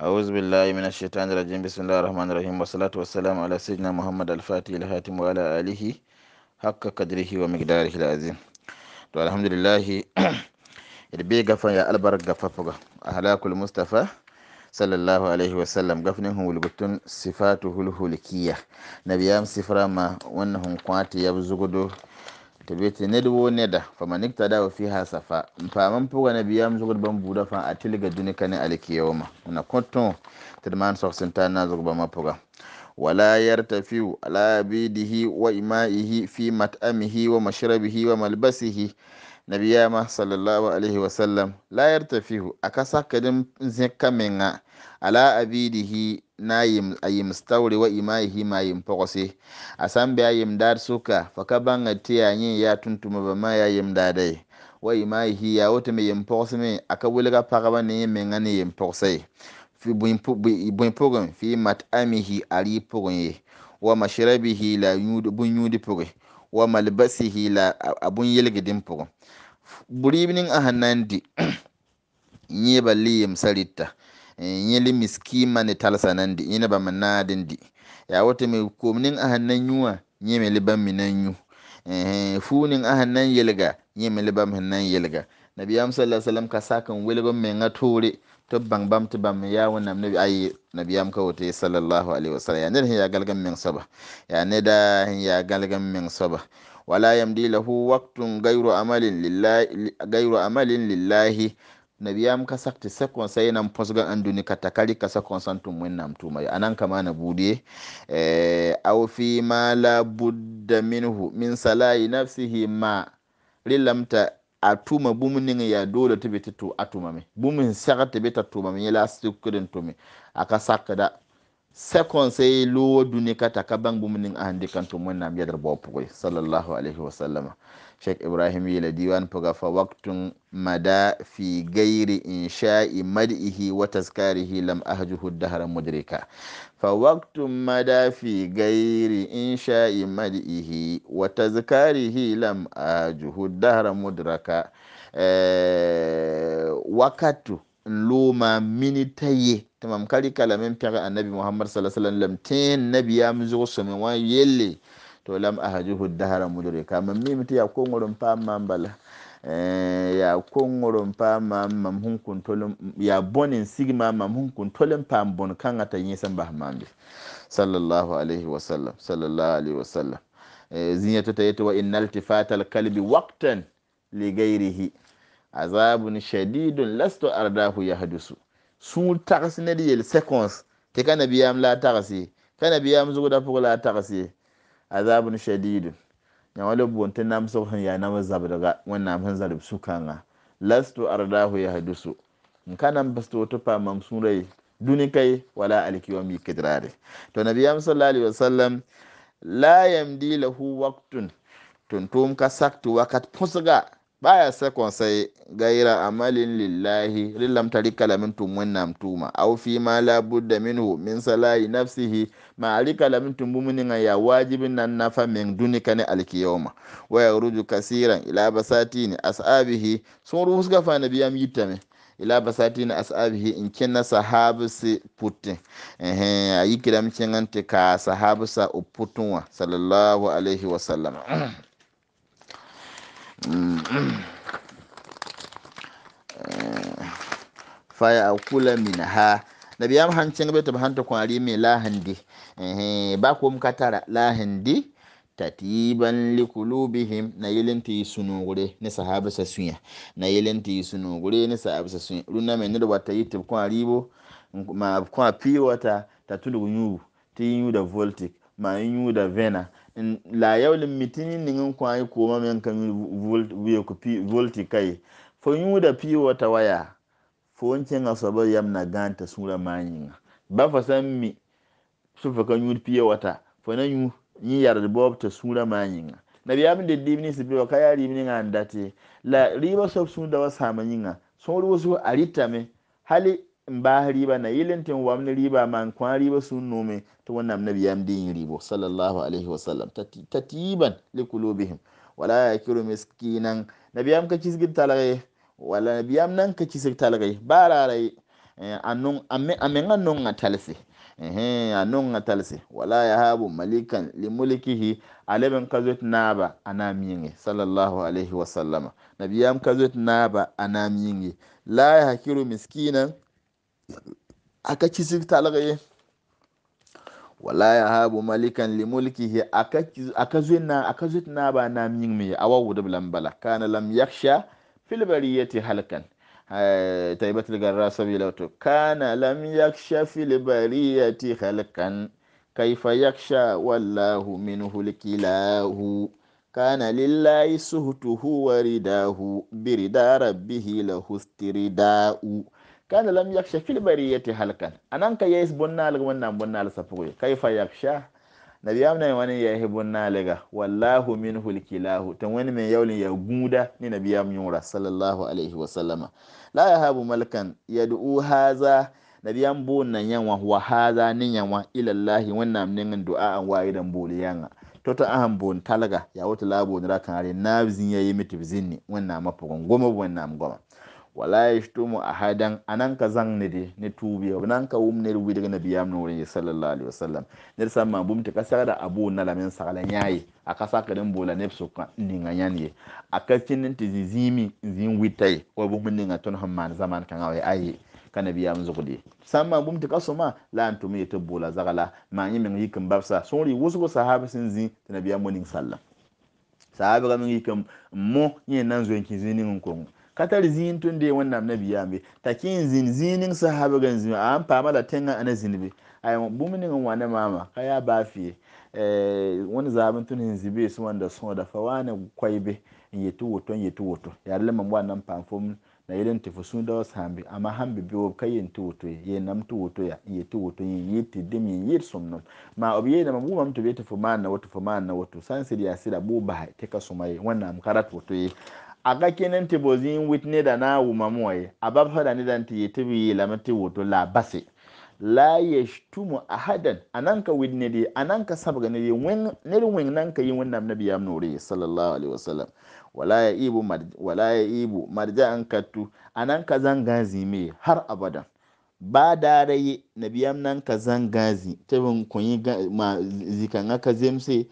أعوذ بالله من الشيطان الرجيم بسم الله الرحمن الرحيم والصلاة والسلام على سيدنا محمد الفاتح الهاتم وعلى آله حق قدره ومقداره العظيم الحمد لله البي غفا يا البر غففغا أهلاك المصطفى صلى الله عليه وسلم غفنهم ولغتون صفاته الهلكية نبيام سفرا ما وانهم قواتي يبزغدو kebete ned wo neda faman fi fiha fa faman puga na biyam zugud ban buda fa ga dunika ne alkiyoma na konton tedman soxsinta na zugba mapuga wala yartafiu ala bidihi wa ima'ihi fi mat'amihi wa mashrabihi wa malbasihi nabiyama sallallahu alaihi wasallam la yartafihu akasa kadin zeka menga ala abidihi na yim ayim stawri wa imaihi ma yim pogose asambe ayim dar suka faka fakabanga tiyanyi ya tuntuma ba ma ya yim dadai wa imaihi ya wote me yim pogose me akawuliga faka ne menga ne yim pogose fi bun pogon fi mat amihi ali pogon ye wa mashrabihi la yud bun yudi pogon wa malbasihi la abun yelgidin pogon buribinin a hannandi nye ba liyem saritta li eh, miskima ni talsa nandi nyene ba di ya wote mi komnin a hannan yuwa nye me liban minan yu eh, funin a hannan yelga nye me liban hannan yelga nabiyam sallallahu alaihi wasallam ka sakan welgon me ngatore to bang bam to bam ya wannan nabi ayi nabiyam ka wote sallallahu alaihi wasallam ya ne ya galgan min saba ya ne da ya galgan min saba wala yamdi lahu waqtun gayru amalin lillahi gayru na biyam ka sakti sekon sai nan posga anduni ka takali ka sakon santum mun nam tumai anan kama na bude eh fi ma la budda minhu min salai nafsihi ma rilamta atuma bumunin ya dole ta bita to atuma me bumin saka ta bita to me la sikurin to me aka sakada sekon sai lowo duni kata ka bang bumnin a handi kan tumun nam yadar bo sallallahu alaihi wa sallama sheikh ibrahim la diwan puga fa waqtun mada fi gairi insha'i mad'ihi wa tazkarihi lam ahjuhu dahra mudrika fa waqtun mada fi gairi insha'i mad'ihi wa tazkarihi lam ahjuhu dahra mudraka eh, wakatu loma mini taye tamam kali kala men pɛga annabi muhammad sallallahu alaihi wasallam tin nabi ya mu zugo somi wa yelle to lam ahajuhu dahara mudrika mam mi miti ya ko ngoron pa mambala eh, ya ko ngoron pa mam mam hun kuntolum ya bonin sigma mam hun kuntolum pa bon kanga ta yin san bah mambe sallallahu alaihi wasallam sallallahu alaihi wasallam eh, zinya to tayi to wa innal tifatal qalbi waqtan li ghairihi azabun shadidun lasto ardahu ya hadusu sun tagsi ne yel seconds ke kana biyam la tagsi kana biyam zugu da fugu la tagsi azabun shadidun ya wala bonta nam so han ya nam zabdaga wannan han zarb sukanga lasto ardahu ya hadusu in kana basto to pa mamsurai duni kai wala mi kidrare to nabiyam sallallahu alaihi wasallam la yamdi lahu waqtun tuntum ka saktu wakat pusga baya sakon sai gaira amalin lillahi lillam tarika lamin tumun namtuma au fi ma la budda minhu min salahi nafsihi ma alika lamin tumumin ya wajibin nan nafa min dunika ne alkiyoma wa yaruju kasiran ila basatini asabihi sun ruhusga fa nabiyam yittame ila basati na asabihi in kinna sahabu si putin eh ayi kiram cinganti ka sahabu sa uputunwa sallallahu alaihi wasallam Eh, fa yakula minha nabiyam sãn kẽngbe tɩ b sãn tɩ kõ a rɩ me la sẽn dɩ bakom ka tara la sẽn dɩ tatiban likulubihim na yelen ti sunugure ne sahaba sa sunya na yelen ti sunugure ne sahaba sa sunya runa me nirwa ta yi kwa ribo ma kwa pi wata nyu ti nyu da voltic ma nyu da vena la yawlin mitini ningin kwai koma min kan wiye ku volti kai fo da fi wata waya fo wanke nga sabar na ganta sura manyin ba fa san mi su fa kan yi fi wata fo na yi yarda bob ta sura manyin na biya min da dibini su biwa kaya ribini nga andate la riba sob sun da wasa manyin sun ruwa su rita mai hali mbaas riba na yɩl wa amni riba wam kwan riba maan kõa riba sũnnome tɩ wẽnnaam nabiyaam deen riba salallahu alaihi wasallam tatiiban likulubihim wala yakiru miskinan nabiyaam ka kisgd talge wala nabiyaam nan ka kisg talge baaraara ye a nan nonga talse a nonga talse wala yahabu malikan limulikihi ale ben ka zo tɩ naaba alaihi wa nabiyaam ka zo tɩ naba a naam yĩnge la yahakiru miskinan aka kisif talagaye wala ya habu malikan li mulkihi aka zuina aka zuina ba na min mi awawu da bilan bala kana lam yaksha fil bariyati halkan taibatul garra sabila to kana lam yaksha fil bariyati halkan kaifa yaksha wallahu minhu likilahu kana lillahi suhtuhu wa ridahu birida rabbihi lahu kana lam yaksha fil bariyati halkan anan ka yes bonna lag wannan bonna al safu fa yaksha nabi amna wani ya hi bonna wallahu minhu alkilahu tan wani mai yaulin ya guda ni nabi amna sallallahu alaihi wa sallama la yahabu malkan yad'u haza nabi am bonna yanwa wa haza nin yanwa ila allah wannan nin du'a an wa idan boliyanga tota ahan bon talaga ya wata labo ni rakan are nabzin yayi mitibzinni wannan mafagon goma wannan goma wala yashtumu ahadan anan ka zan ne de ne tubi nan ka wum ne wi daga ya no ya sallallahu alaihi wasallam ne samma bum ta kasara da abu na lamin sagalan yayi a kasa kadin bola ne su ka ninga yani a kacin ti zizimi zin witai wa bum ninga ton hamman zaman kan ayi ayi ka gudi san ma bum ta ma la antum yata bola zagala ma yin min yikin babsa sun ri wusu sahaba sun zin ta ya mun sallam sahaba min yikin mo yin nan zuwan kin zinin kongo katar zin tun de wannan nabi yambe takin zin zinin sahaba gan zin an fama da tenga ana zinbe ay buminin wani mama kaya bafi eh wani zabin tun zibe su wanda so da fawana kwaibe yetu woton tu woto ya nan wannan fom na yelen te fo sunda wa sambi ama bi biwo ka yen te woto ye nam te woto ya ye te woto ye ye te dem ye ye somno ma obiye na mabu mam te bete fo man na woto fo man na woto san ya asira bu ba te ka sumaye wannan am karat woto ye aga kenen te zin wit ne da na a ba fa da ne dan te tibi yi lama te to la base la yashtumu ahadan ananka wit ne de ananka sabga ne di wen ne di wen nan ka yi wannan nabi ya nuri sallallahu alaihi wasallam wala ya ibu wala ya ibu marja an kattu ananka zanga zime har abadan ba da rai biyar nan ka zanga zi tabin kunyi ma zikan aka zemse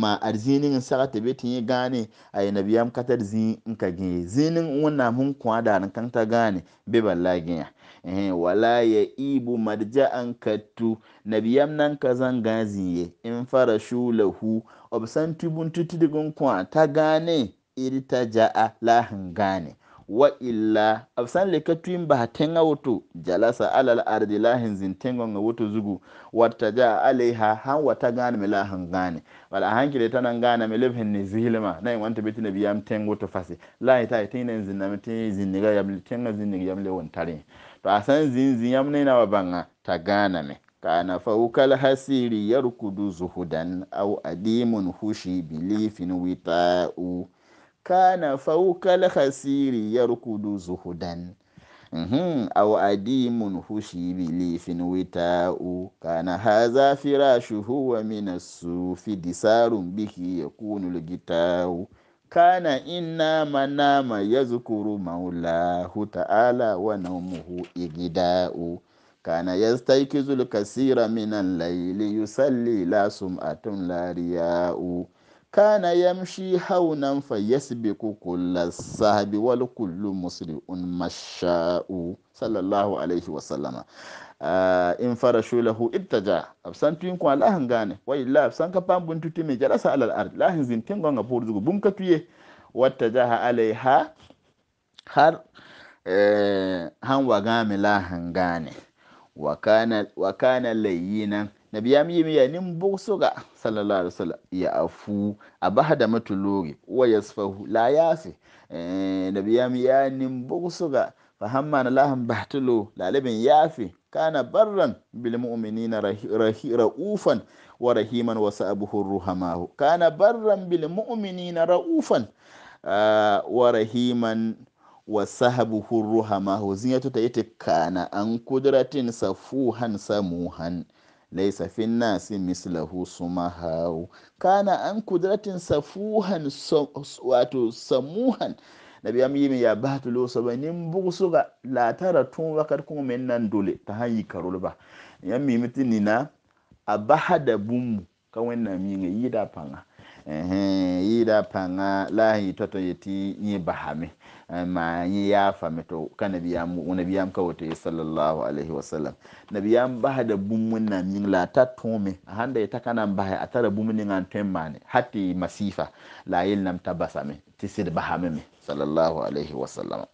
ma arzinin zĩnigẽ sagd tɩ be tɩ yẽ gãane a yẽ nabiyam katar tar zĩig ka gẽ ye zĩnig n wẽnnaam da kõ a gane n kãng ta gãane wala ya ibu marja an kattu nabiyam nan ka zan gazi ye fara lahu b sãn tɩ bũn kuwa ta gane iri ta ja'a lahin gane. wa illa ab sãn leka tõe n basa tẽngã woto jalasa ala la ardi la sẽn zĩnd tẽngãngã woto zugu wartaja alaiha sãn wa ta gãaneme la a sẽn wala sãn kɩ ta na n gãaname leb sẽn ne zislmã na yẽ wãn tɩ be tɩ nabiyaam tẽng woto fase la yẽ t'a yetɩ na n zĩndame tɩ zĩndniga yam tẽngã zĩndnig yam le wentar yẽ to a sãn zĩn zĩ yãmb ne na wa bãnga t'a gãaname kana fauka lhasiri yarkudu zuhudan au adimun hushi bilifin wita'u kana faukal hasiri yarkudu zuhudan aw adimun hushi bilifin wita'u kana haza firashuhu wa min as-sufi disarun bihi yakunu al-gita'u kana inna manama yazkuru maulahu ta'ala wa naumuhu igida'u kana yastaykizu al-kasira min al-layli yusalli la sum'atun la riya'u kana yamshi haunan fa yasbiqu kullu sahabi wal kullu musri'un masha'u sallallahu alaihi ah, in farashu lahu ittaja absan tuyin ko alahan gane wa illa absan ka pam buntu timi jalasa alal ard lahin zin tingo nga burdugo bum ka tuye watta jaha alaiha har eh, han wa mi lahan gane wa kana layinan miya nin ya ga sallallahu alaihi wasallam ya afu da matulori wa yasfahu la yafi eh, nabiyami ya ga fahamma na lahan batulo lalibin yafi kana barran bil mu'minina raufan wa rahiman wa sa'abuhu ruhamahu kana barran bil mu'minina raufan ah, wa rahiman wa sahabuhu ruhamahu zin ya tuta yata kana an kudratin safuhan samuhan laisa fin nasi mislahu sumahau kana an kudratin safuhan wato samuhan nabi am yimi ya batulo soba nin bugsuga latara tun wakar kuma men nan dole ta hanyar karol ba yam mimi tinina a bahada bummu ka wannan minga yida panga ehe yida panga lahi toto yeti nyi bahame Eh, ma ya fameto ka nabiyam nabiyam ka wote sallallahu alaihi wasallam nabiyam ba da bummun na min la ta tome handa ita kana ba atara bummun ngan temmane hatti masifa la yel nam tabasame tisid bahameme sallallahu alaihi wasallam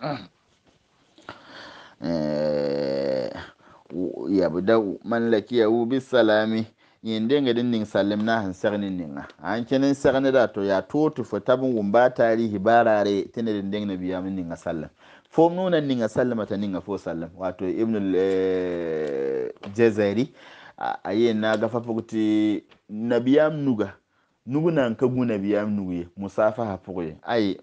eh ya bada man lakiyahu bisalami salami yin din ning salim na han sarni ninga an kenin sarni da to ya to to fo tabun wumba tarihi barare tene din denga biya min ninga sallam fo nuna ninga sallama ta ninga fo sallam wato ibn al-jazairi eh, aye na gafa fukuti nabiyam nuga nugu nan ka guna biyam nugu musafaha fukuye aye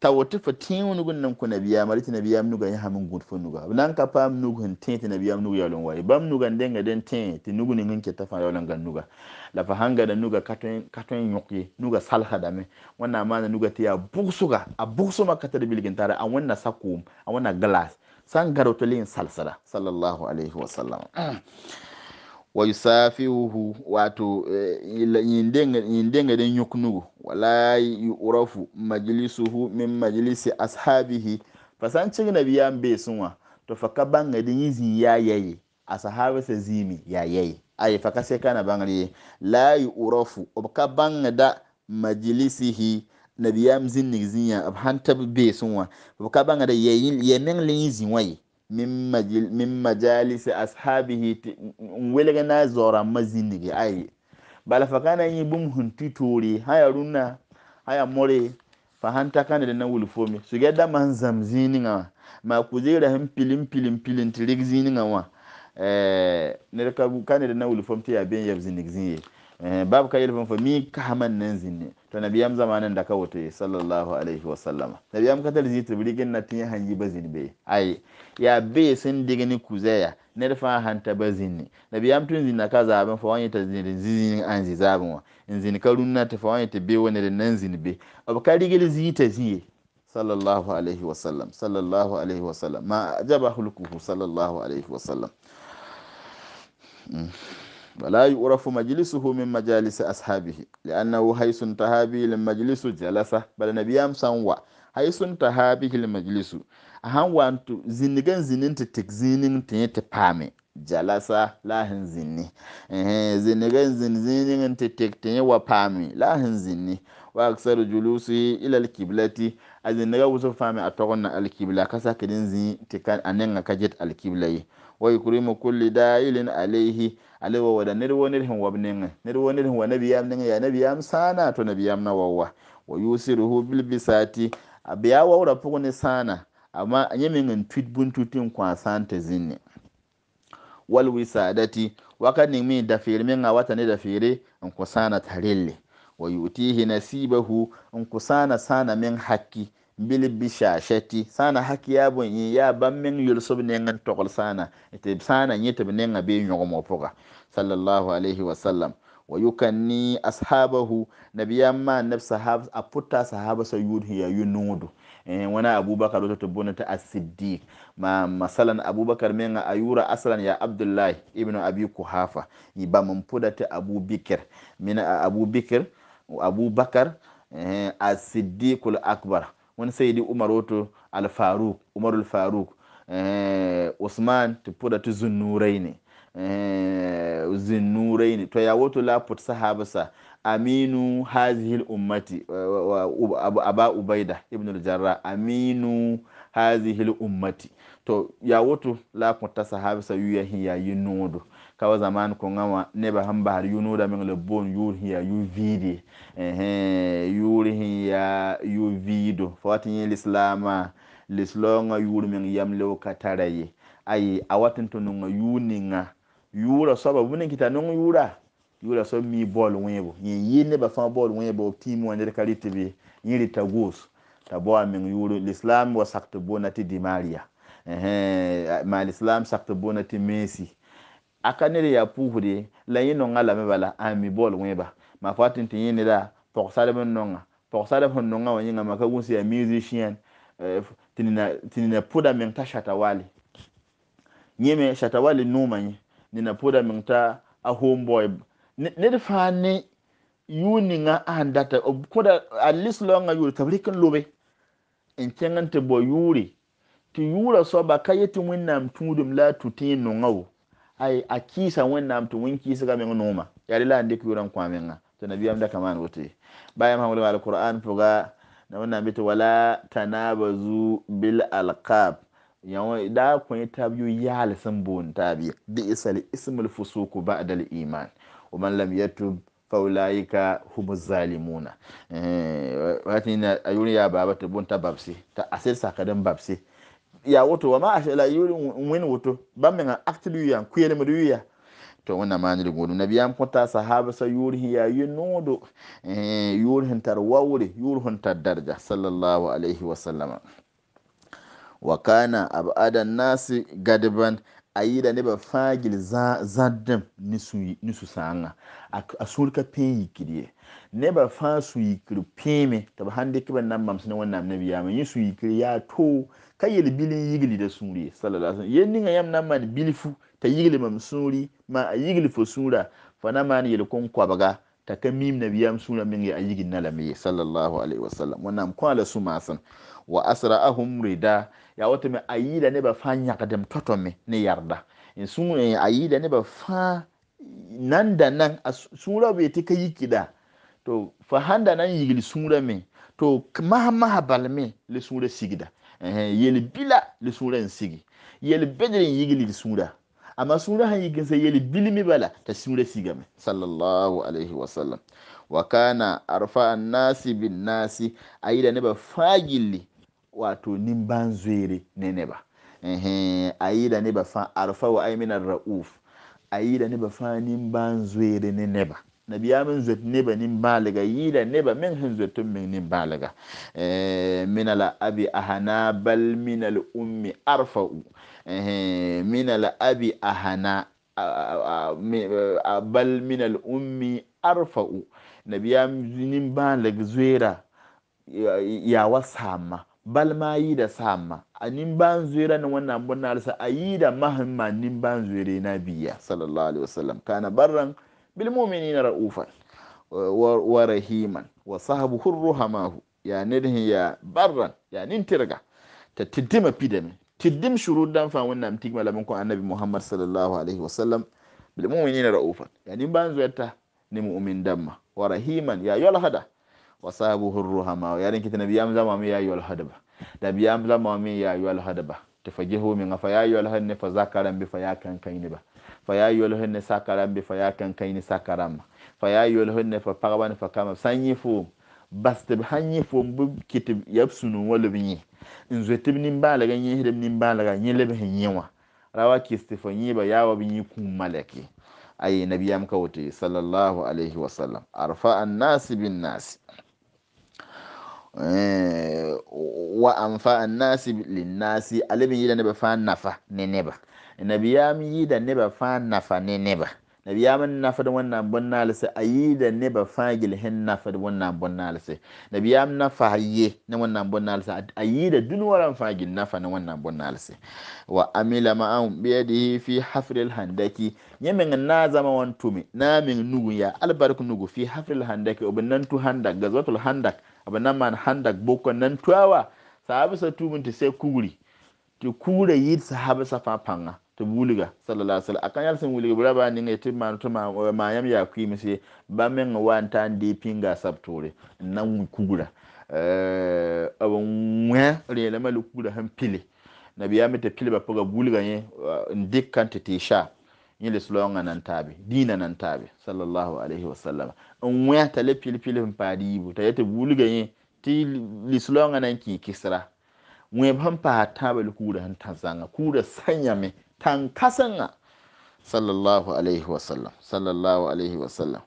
tawti fo tẽeg wani gun nan kõ nabiyaamã rɩ tɩ nabiyaam nugã yã sãm n gũd fo nuga b na n ka paam tin sẽn biya tɩ nabiyaam nug yaool n wa ye bãmb nuga n denga den tẽ tɩ nug ning n keta fãa yaool n nuga la fa nuga katon tõe nuga yõk ye nuga salsdame ma na nuga ta yaa bʋgsga a buksu ka tar bilg n a wannan sakʋʋm a wannan glass san n gãd woto le n alaihi wasallam wa yusafihu wato eh, yindenga den yuknugu wala yurafu majlisuhu min majlisi ashabihi fasan cin na biyan be sunwa to faka banga din yizi ya yayi a sa zimi ya yayi ay faka sai kana bangare la yurafu obka banga da majlisihi na biyan zinni zinya abhanta be sunwa obka banga da yayin yanin lin yizi wayi min majalisi ashabihi n welg na zora ma zĩnige bala fa kana yẽ bũmb sẽn tɩ toore sã yaa rũnnã sã yaa more fa sãn ta kãneda na wilfome sʋgɛ dãmbã sẽn zãmb zĩig ningã wã maa kuzeera sẽn pil n pil n pil n tɩ na ben yab zĩnig Eh, babu ka yelfan fo mi kahaman nan zinne to nabiyam zamanin da kawote sallallahu alaihi nabi nabiyam katar zi tibirigin na tin hanji bazin be ai ya be sun digini kuzaya ne da fa hanta bazin ne nabiyam tun zinna ka zaben fa wani ta zinin zinin an zi zaben wa in zin ka na ta fa wani ta be wani da nan zin be abkari gil zi ta zi sallallahu alaihi wa sallam sallallahu alaihi wa sallam ma ajaba hulkuhu sallallahu alaihi wasallam hmm. ولا يعرف مجلسه من مجالس أصحابه لأنه حيث انتهى به المجلس جلس بل نبيام سنوا حيث انتهى به المجلس أهم وانتو زنغن زنين تتكزينين pame jalasa lahin zinni zinigan zinzinin titiktin wa pami lahin zinni wa aksaru julusi ila alkiblati a wusu fami a na alkibla kasa kedin zin tikan anin ka jet alkibla yi wa yukrimu kulli da'ilin alayhi ale wa wada ner wonir hin wabnin ner wonir hin wa nabiyam nin ya nabiyam sana to nabiyam na wawa wa yusiruhu bil bisati abiya wa wada pugni sana amma anyemin in tweet buntutin kwa santa zinni wal wisadati wakani min da firmin a wata ne bisha sheti sana haki ya bon yi ya ban min ne ngan tokol sana ite sana yi tabi ne ngabe nyogomo sallallahu alaihi wa sallam wa yukanni ashabahu nabiyan ma hab a putta sahaba sayyid hiya ya yunudu eh wana abubakar to ta as-siddiq ma masalan abubakar men ayura aslan ya abdullahi ibnu abi kuhafa ba mun puda ta abubakar min abubakar eh as-siddiqul akbar woni seydi al o to al oumarul farouk ousmane eh, to puɗa to zunnurayne zinnuraini eh, to ya la put sahaba sa aminu hazihil ummati eh, aba ubaida ibn jarra aminu hazihil ummati to ya la lapot ta sahaba sa yuyahi ya yinnodo kawa zaman ko konga ne ba hamba har yuno da min le bon yur hiya yu vidi eh yur hiya yu vido fatin yin islama lislonga yur min yam le ka taraye ay awatin to nunga yuninga yura soba bunin kita nunga yura yura so mi bol wẽbo yi ne ba fa bol wẽbo b tɩɩm wã ned ka rɩ tɩ be yẽ rɩ t'a goos t'a bao wa sak bonati di maria eh maa lislaam sak tɩ boona tɩ a ka ne yaa puusde la yẽ nonga lame bala a mi bɔl wẽba maa fa tɩ tɩ yẽ ne la pɔgsalb n nonga pɔgsalb sẽn nonga wã yẽnga maka wũns yaa musicien eh, tɩ nina pʋda meng t'a shatawale yẽ me shatawale nuuma yẽ nina pʋda meng t'a a homeboy ned fãa ne yʋʋ ninga sẽn data kõda a lis laoongã yʋʋre tɩ b rɩk n lobe n kẽng n tɩ bɔ yʋʋre tɩ yʋʋra soaba ka yetɩ wẽnnaam tũudum la a tũ tẽ nonga wo ai a kisa wannan to mun kisa ga min noma ya rila inde ku ran kwamin na to nabi amda kaman wote bayan hamul wal qur'an to ga na wannan bi wala tanabazu bil alqab yawa da ku tabiyu ya halisan bon tabi bi isal ismul fusuku ba'da al iman wa man lam yatub fa ulaika hum zalimuna eh wati na ayuri ya baba bon ta babsi ta asir sakadan babsi ya woto wama achala yori win woto bamme ga actilu yiyam kuyele mbaɗo wiya to wona manire goɗum nabiyam ponta sahaba sa yori hen ya yinoɗo eh, yori hen tar wawre yori hon tar dardia sallllahu alayhi wa sallama wa kana abada nnasi gadban ayi da ne ba fagil za ni su sanga a surka yi kiriye ne ba fa su yikiri peme ta ba hande kiban nan musu na wannan annabi ya mai su yi kiri ya to kayyel bilin gili da suri sallallahu alaihi wasallam yin ninga yam nan man bilifu ta gili mam suri ma a yi gili fo sura fa na ni yi kun kwabaga ta kan mim nabiyam sura min ya yigin na lamiye sallallahu alaihi wasallam wannan kwala su masan wa ahum rida ya wato me ayida ne ba fa nyakadem toto me ne yarda in sun ayida ne ba fa nan da nan a sura bai ta kai kida to fa handa nan yigil sura me to maha maha me le sura sigida yeli bila le sura sigi yeli bedrin yigil sura amma sura han yigin sai yeli bilmi bala ta sura sigame sallallahu alaihi wasallam wa kana arfa an-nasi bin nasi ayida ne ba fagilli wato nimban zuere ne ne ba ayi da ne ba fa arfa wa aiminar ra'uf ayi da ne ba fa nimban zuere ne ne ba na biya min zuwa ne ba nin balaga yi da ne ba min hin zuwa min nin balaga eh, min ala abi ahana bal min al ummi arfa'u min ala abi ahana bal minal al ummi arfa'u na biya nin balaga zuwa ya wasa ma balma yi da sama a nimban zuwa na wannan murnar a yi da mahamma nimban zuwa na biya sallallahu alaihi wasallam kana barran bil na raufan wa rahiman wa sahabuhu hamahu ya nidhi ya barran ya nintirga ta tiddima pidami tiddim shurud dan fa wannan tik malamin ko annabi muhammad sallallahu alaihi wasallam bil na raufan ya nimban zuwa ta ni mu'min damma wa rahiman ya yalhada wasabuhu ruhama yaren kitana biyam zama mi yayu alhadaba da biyam zama mi yayu alhadaba tafajihu min fa yayu alhanne fa zakaram bi fa yakan kaini ba fa yayu alhanne sakaram bi fa yakan kaini sakaram fa yayu alhanne fa pagaban fa kama sanyifu basta bi hanyifu bu kitib yabsunu walubni ni zotib nim balaga yihdim nim balaga lebe hinyewa rawa kistifa yiba yawa bi kum malaki ay nabiyam kawti sallallahu alayhi wa sallam arfa an nas bin nas Eh, wa amfa annasi linnasi ale da yida ba fa nafa ne neba da yida ba fa nafa ne neba mi nafa da wannan yi da ayida ba fa gilhin nafa da wannan na biya mi nafa haye na wannan yi da ayida dunwaran fa gil nafa na wannan na sai wa amila biya da yi fi hafril handaki min na zama tumi na min nugu ya albarku nugu fi hafril handaki nan tu handak gazwatul handak abana man handak boko nan tuawa sahabi sa tumun ti sai kuguri ti kure yi sahabi sa fa panga ti buliga sallallahu alaihi wasallam akan yalsin wuliga bura ba ni ngai ti man to ma ma eh, yam ya kwi mi se ba men wa tan di pinga sabtore nan kugura eh abun wa rele malu kugura han pile nabiya mi ta pile ba wuliga buliga ye eh, ndik kan ti sha yẽle a nan tabi dina nan tabi sallallahu alaihi sallama. n waya t'a lafi pilpil sẽn paad yiibu t'a yetɩ buulga yẽ tɩ a nan kẽ kɩsra wẽb sẽn paasa tãabã le ta zanga, tã zãnga sanya mai, yãme kasan a Sallallahu alaihi wasallam Sallallahu alaihi wasallam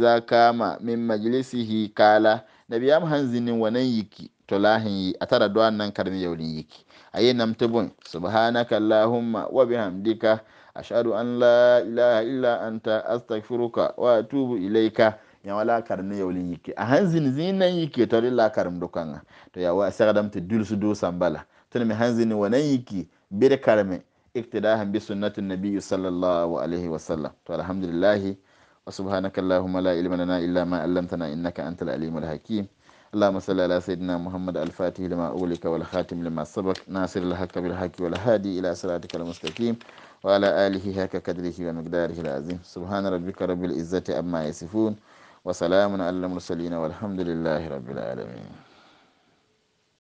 za ka kama min majlisihi kala nabiyam han zinin wa nan yiki to lahin yi a tara duwan nan karmi yaurin yiki a yi nam tubun subhanaka allahumma wa bihamdika ashhadu an la ilaha illa anta astaghfiruka wa atubu ilayka yãwã la a karem ne yaool yike a sãn zinan zĩig nan yike t'a rel la a karem dʋkãngã tɩ wa sagadam te dul su do sambala to me sãn zĩnd wa bir yiki bɩd karme iktidaahan bi sunnati nabi sallallahu alayhi wa sallam to alhamdulillah wa subhanaka allahumma la ilma lana illa ma allamtana innaka antal alimul hakim اللهم صل على سيدنا محمد الفاتح لما أغلق والخاتم لما سبق ناصر الحق بالحق والهادي إلى صراطك المستقيم وعلى آله هك قدره ومقداره العظيم سبحان ربك رب العزة عما يصفون وسلام على المرسلين والحمد لله رب العالمين